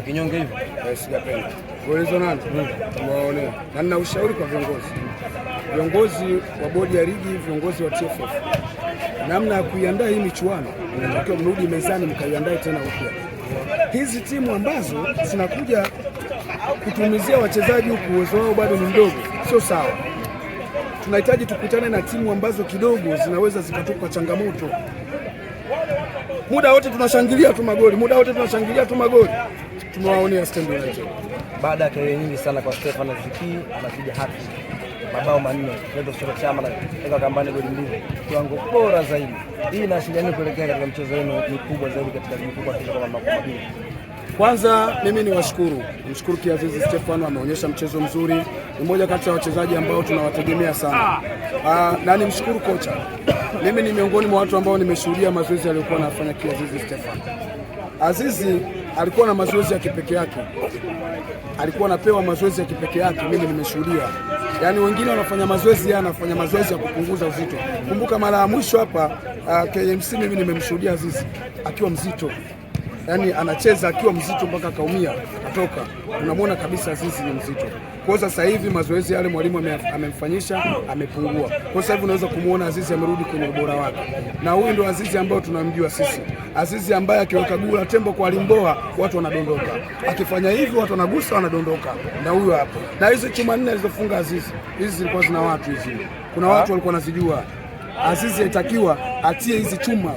Ndio kinyonge hivyo. Eh, sijapenda kuelezwa nani tuwaonea, hmm. na nina ushauri kwa viongozi, viongozi wa bodi ya ligi, viongozi wa TFF, namna ya kuiandaa hii michuano, natakiwa mrudi mezani mkaiandae tena upya. Hizi timu ambazo zinakuja kutumizia wachezaji huku uwezo wao bado ni mdogo, sio sawa. Tunahitaji tukutane na timu ambazo kidogo zinaweza zikatoka changamoto muda wote tunashangilia tu magoli, muda wote tunashangilia tu magoli. Tumewaonea Stand United baada ya kelele nyingi sana kwa Stefan Ziki, anapiga hati mabao manne chama na kambani goli mbili, kiwango bora zaidi. Hii inaashiria nini kuelekea katika mchezo wenu mkubwa zaidi katika ligi kubwa kwa mabao mawili? Kwanza mimi ni washukuru, nimshukuru Kiazizi Stefano, ameonyesha mchezo mzuri, ni mmoja kati ya wachezaji ambao tunawategemea sana. Aa, ah, na nimshukuru kocha. Mimi ni miongoni mwa watu ambao nimeshuhudia mazoezi aliyokuwa anafanya Kiazizi Stefano. Azizi alikuwa na mazoezi ya kipekee yake, alikuwa anapewa mazoezi ya kipekee yake. Mimi nimeshuhudia, yaani wengine wanafanya mazoezi, yeye anafanya mazoezi ya kupunguza uzito. Kumbuka mara ya mwisho hapa uh, ah, KMC mimi nimemshuhudia Azizi akiwa mzito yani anacheza akiwa mzito mpaka akaumia atoka, unamwona kabisa sisi ni mzito. Kwa sasa hivi mazoezi yale mwalimu amemfanyisha amepungua. Kwa sasa hivi unaweza kumwona Azizi amerudi kwenye ubora wake, na huyu ndio Azizi ambayo tunamjua sisi, Azizi ambaye akiweka guu la tembo kwa limboa watu wanadondoka, akifanya hivi watu wanagusa wanadondoka, na huyo hapo. Na hizo chuma nne alizofunga Azizi, hizi zilikuwa zina watu hizi, kuna watu walikuwa wanazijua. Azizi alitakiwa atie hizi chuma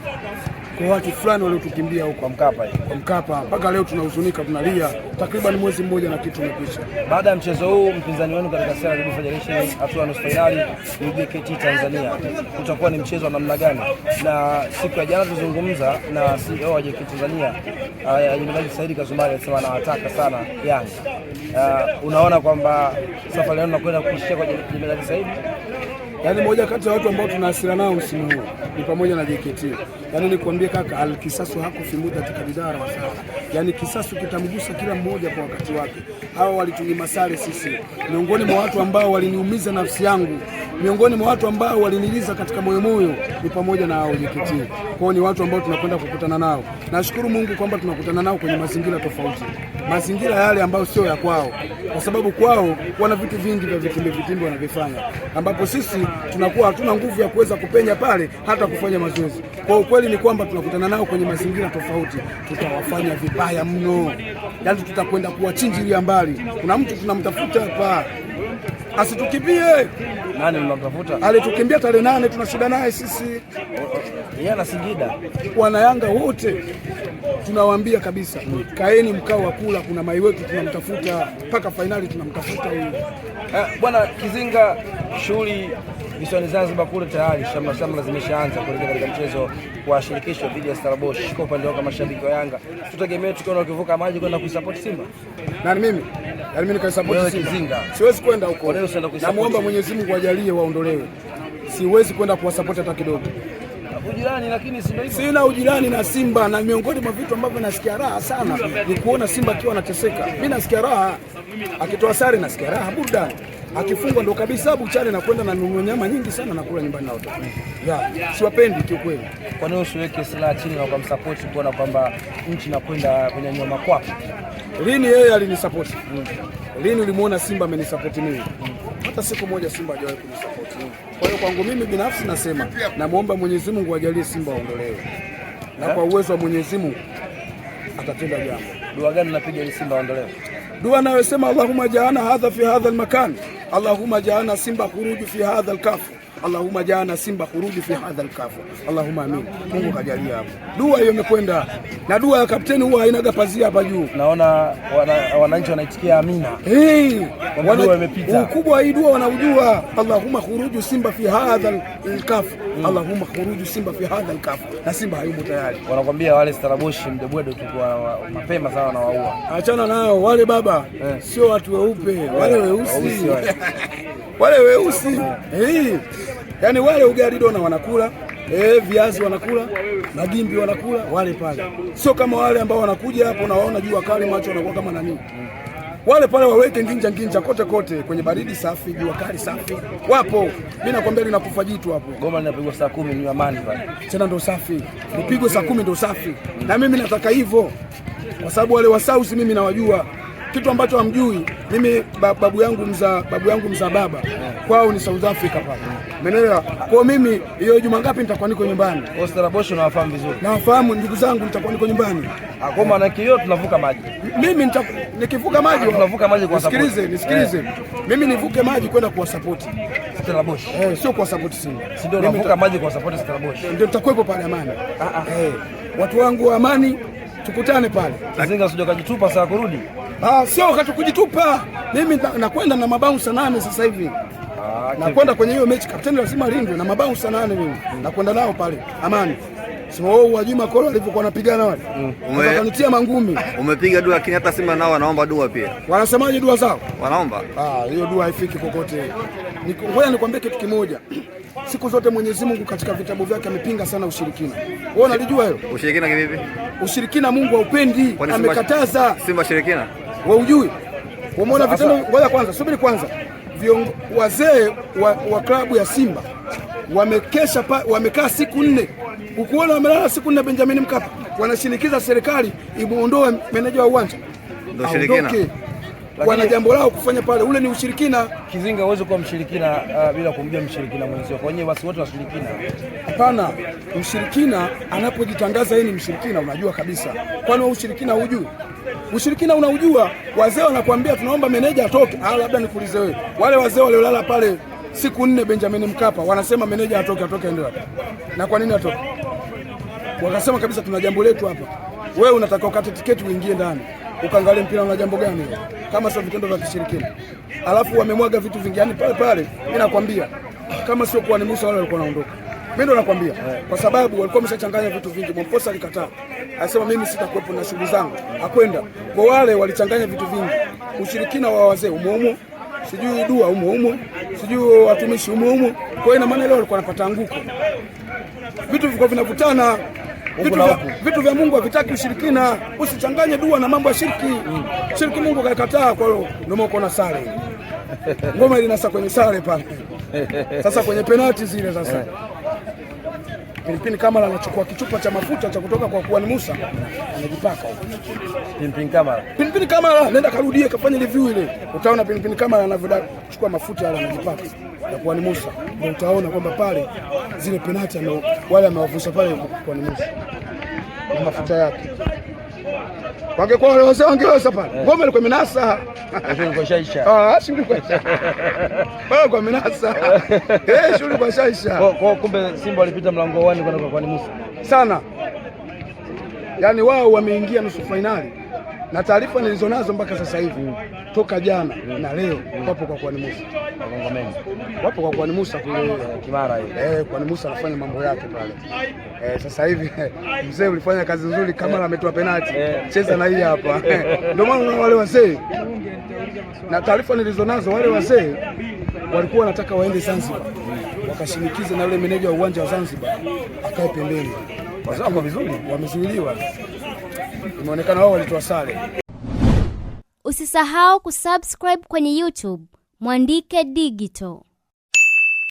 kwa watu fulani waliotukimbia huko Mkapa, kwa Mkapa mpaka leo tunahuzunika, tunalia. Takriban mwezi mmoja na kitu umekwisha. Baada ya mchezo huu, mpinzani wenu katika Sierra Leone Federation hatua ya nusu fainali ni JKT Tanzania, utakuwa ni mchezo wa namna gani? Na siku ya jana tuzungumza na CEO wa JKT Tanzania Jenerali eh, Saidi Kazumari alisema anawataka sana Yanga. Uh, unaona kwamba safari yenu nakwenda kuishia kwa Jenerali Saidi? Yaani moja kati ya watu ambao tuna hasira nao msimu huu ni pamoja na JKT. Yaani nikwambie kaka, alkisasu hakufi muda tukabidara wasaa. Yaani kisasu kitamgusa kila mmoja kwa wakati wake. Hawa walitunyima sare sisi, miongoni mwa watu ambao waliniumiza nafsi yangu, miongoni mwa watu ambao waliniliza katika moyo moyo ni pamoja na hao JKT. Kwao ni watu ambao tunakwenda kukutana nao. Nashukuru Mungu kwamba tunakutana nao kwenye mazingira tofauti mazingira yale ambayo sio ya kwao, kwa sababu kwao wana vitu vingi vya vitimbi vitimbi wanavifanya, ambapo sisi tunakuwa hatuna nguvu ya kuweza kupenya pale hata kufanya mazoezi. Kwa ukweli ni kwamba tunakutana nao kwenye mazingira tofauti, tutawafanya vibaya mno, yaani tutakwenda kuwachinjilia mbali. Kuna mtu tunamtafuta hapa asitukimbie. Nani unamtafuta? Alitukimbia tarehe nane, tuna shida naye sisi. Yeye ana Singida, wana Yanga wote tunawaambia kabisa, kaeni mkao wa kula, kuna mai wetu tunamtafuta mpaka fainali tunamtafuta huyu ah, bwana Kizinga. Shughuli visiwani Zanzibar kule tayari shamrashamra zimeshaanza kuelekea katika mchezo wa shirikisho dhidi ya Stellenbosch. Kwa upande wako, mashabiki wa Yanga, tutegemee tukiona ukivuka maji kwenda kuisapoti Simba na mimi yaani mimi nikaisapoti Simba, siwezi kwenda huko. Namwomba Mwenyezi Mungu ajalie waondolewe, siwezi kwenda kuwasapoti hata kidogo ujirani, lakini sina ujirani na Simba, na miongoni mwa vitu ambavyo nasikia raha sana ni kuona Simba akiwa anateseka. Mimi nasikia raha akitoa sare, nasikia raha burudani akifungwa ndo kabisa chale na kwenda na nunua nyama nyingi sana na kula nyumbani na watoto. Ya, siwapendi kweli. Kwa nini usiweke silaha chini na ukamsupport kuona kwamba nchi inakwenda kwenye nyama kwapo? Lini yeye alinisapoti? Lini ulimuona Simba amenisupport mimi? Hata siku moja Simba hajawahi kunisapoti. Kwa hiyo kwangu mimi binafsi nasema, namwomba Mwenyezi Mungu ajalie Simba aondolewe, na kwa uwezo wa Mwenyezi Mungu atatenda jambo. Dua gani napiga ili Simba aondolewe? Dua nayosema Allahumma jaana hadha fi hadha almakan allahuma jaana Simba khuruju fi hadha lkafu allahuma jaana Simba khuruju fi hadha lkafu allahuma amin. Mungu kajalia hapo, dua hiyo imekwenda na dua ya kapteni huwa hainaga pazia hapa juu. Naona wananchi wanaitikia amina. Hey, wana, ukubwa hii dua wanaujua. allahuma khuruju Simba fi hadha lkafu allahumma khuruju Simba fi hadha lkafu, na Simba hayumo tayari. Wanakwambia wale Staraboshi mdebwedo tukua mapema sana wanawaua. Achana nao wale baba eh, sio watu weupe wale weusi wale weusi eh, eh. yani wale ugali dona wanakula E, viazi wanakula, magimbi wanakula, wale pale sio kama wale ambao wanakuja hapo na waona jua kali, macho wanakuwa kama nani. Mm wale pale waweke nginja nginja kote kote, kwenye baridi safi, jua kali safi, wapo. Mimi nakwambia linakufa jitu hapo. Ngoma linapigwa saa kumi ni amani pale, tena ndo safi, nipigwe saa kumi ndo safi, na mimi nataka hivyo, kwa sababu wale wasausi mimi nawajua kitu ambacho hamjui. Mimi babu yangu mza babu yangu mza baba kwao ni South Africa pale, umeelewa? Kwa mimi hiyo juma ngapi nitakuwa niko nyumbani. Nawafahamu vizuri, nawafahamu ndugu zangu, nitakuwa niko nyumbani. Kwa maana hiyo tunavuka maji, mimi nikivuka maji, tunavuka maji kwa sababu, Nisikilize, nisikilize, eh. mimi nivuke maji kwenda kuwasapoti Stella Bosch, eh, sio kuwasapoti Simba, si ndio? Navuka maji kuwasapoti Stella Bosch, ndio nitakuwepo pale Amani. Ah ah, eh, watu wangu wa Amani tukutane pale Izinga, sio kujitupa saa kurudi. Ah, sio kujitupa. mimi nakwenda na mabaunsa nane sasa hivi ah, nakwenda kwenye hiyo mechi, kapteni lazima lindwe na mabaunsa nane mimi nakwenda nao pale Amani. Sio wao wajui Juma Kolo wanapigana wale. Mm. Wakanitia mangumi. Umepiga dua lakini hata Simba nao wanaomba dua pia. Wanasemaje dua zao? Wanaomba. Ah, hiyo dua haifiki kokote. Ngoja nikwambie kitu kimoja. Siku zote Mwenyezi Mungu katika vitabu vyake amepinga sana ushirikina. Wewe unalijua hilo? Ushirikina kivipi? Ushirikina Mungu haupendi, amekataza. Simba shirikina. Wewe ujui? Umeona vitendo. Ngoja kwanza, subiri kwanza. Wazee wa, wa klabu ya Simba wamekesha, wamekaa siku nne, ukuona wamelala siku nne Benjamin Mkapa, wanashinikiza serikali imuondoe meneja wa uwanja aondoke wana jambo lao kufanya pale, ule ni ushirikina. Kizinga, huwezi kuwa mshirikina uh, bila kumjua mshirikina mwenzio. Kwa nini basi wote washirikina? Hapana, mshirikina anapojitangaza yeye ni mshirikina, unajua kabisa. Kwani ushirikina hujui? Ushirikina unaujua. Wazee wanakuambia tunaomba meneja atoke. Ah, labda nikuulize wewe, wale wazee waliolala pale siku nne Benjamin Mkapa wanasema meneja atoke, atoke aende wapi? Na kwa nini atoke? Wakasema kabisa tuna jambo letu hapa, wewe unataka ukate tiketi uingie ndani ukaangalia mpira una jambo gani kama sio vitendo vya kishirikina? Alafu wamemwaga vitu vingi, yani pale pale, mimi nakwambia kama sio kwa ni Musa wale walikuwa wanaondoka. Mimi ndo nakwambia kwa sababu walikuwa wameshachanganya vitu vingi. Mwamposa alikataa, alisema mimi sitakuwepo na shughuli zangu, akwenda kwa wale walichanganya vitu vingi, ushirikina wa wazee umoumo, sijui dua umoumo, sijui watumishi umoumo. Kwa hiyo ina maana leo walikuwa wanapata anguko, vitu vilikuwa vinakutana vitu vya, vitu vya Mungu havitaki ushirikina. Usichanganye dua na mambo ya shirki mm. Shirki Mungu kaikataa, kwa hiyo ndio maana ukaona sare ngoma ilinasa kwenye sare pale. Sasa kwenye penalti zile sasa eh. Pilipili Kamara anachukua kichupa cha mafuta cha kutoka kwa Kuani Musa anajipaka. Pilipili Kamara, Pilipili Kamara, nenda karudie, kafanya review ile, utaona Pilipili Kamara anavyochukua mafuta yale anajipaka ya Kuani Musa, ndio utaona kwamba pale zile penati wale amewavusha pale Kuani Musa mafuta yake wangekuwa wazee wangeweza pale. Eh. Ngoma ilikuwa minasa, lakini kwa minasa. shughuli shaisha. Kwa kumbe Simba walipita mlango wani kwenda kwa kwani Musa. Sana. Yaani wao wameingia nusu finali. Na taarifa nilizonazo mpaka sasa hivi mm. toka jana mm. na leo wapo kwa kwani Musa magongo mengi. Wapo kwa kwani Musa kule eh, Kimara hiyo. Eh, kwani Musa anafanya mambo yake pale. Eh, sasa hivi mzee ulifanya kazi nzuri kama eh, ametoa penalti. Eh. Cheza na hii hapa. Ndio maana wale wazee na taarifa nilizonazo wale wazee walikuwa wanataka waende Zanzibar. Wakashinikiza na yule meneja wa uwanja wa Zanzibar akae pembeni. Kwa vizuri wamezuiliwa. Imeonekana wao walitoa sare. Usisahau kusubscribe kwenye YouTube Mwandike digital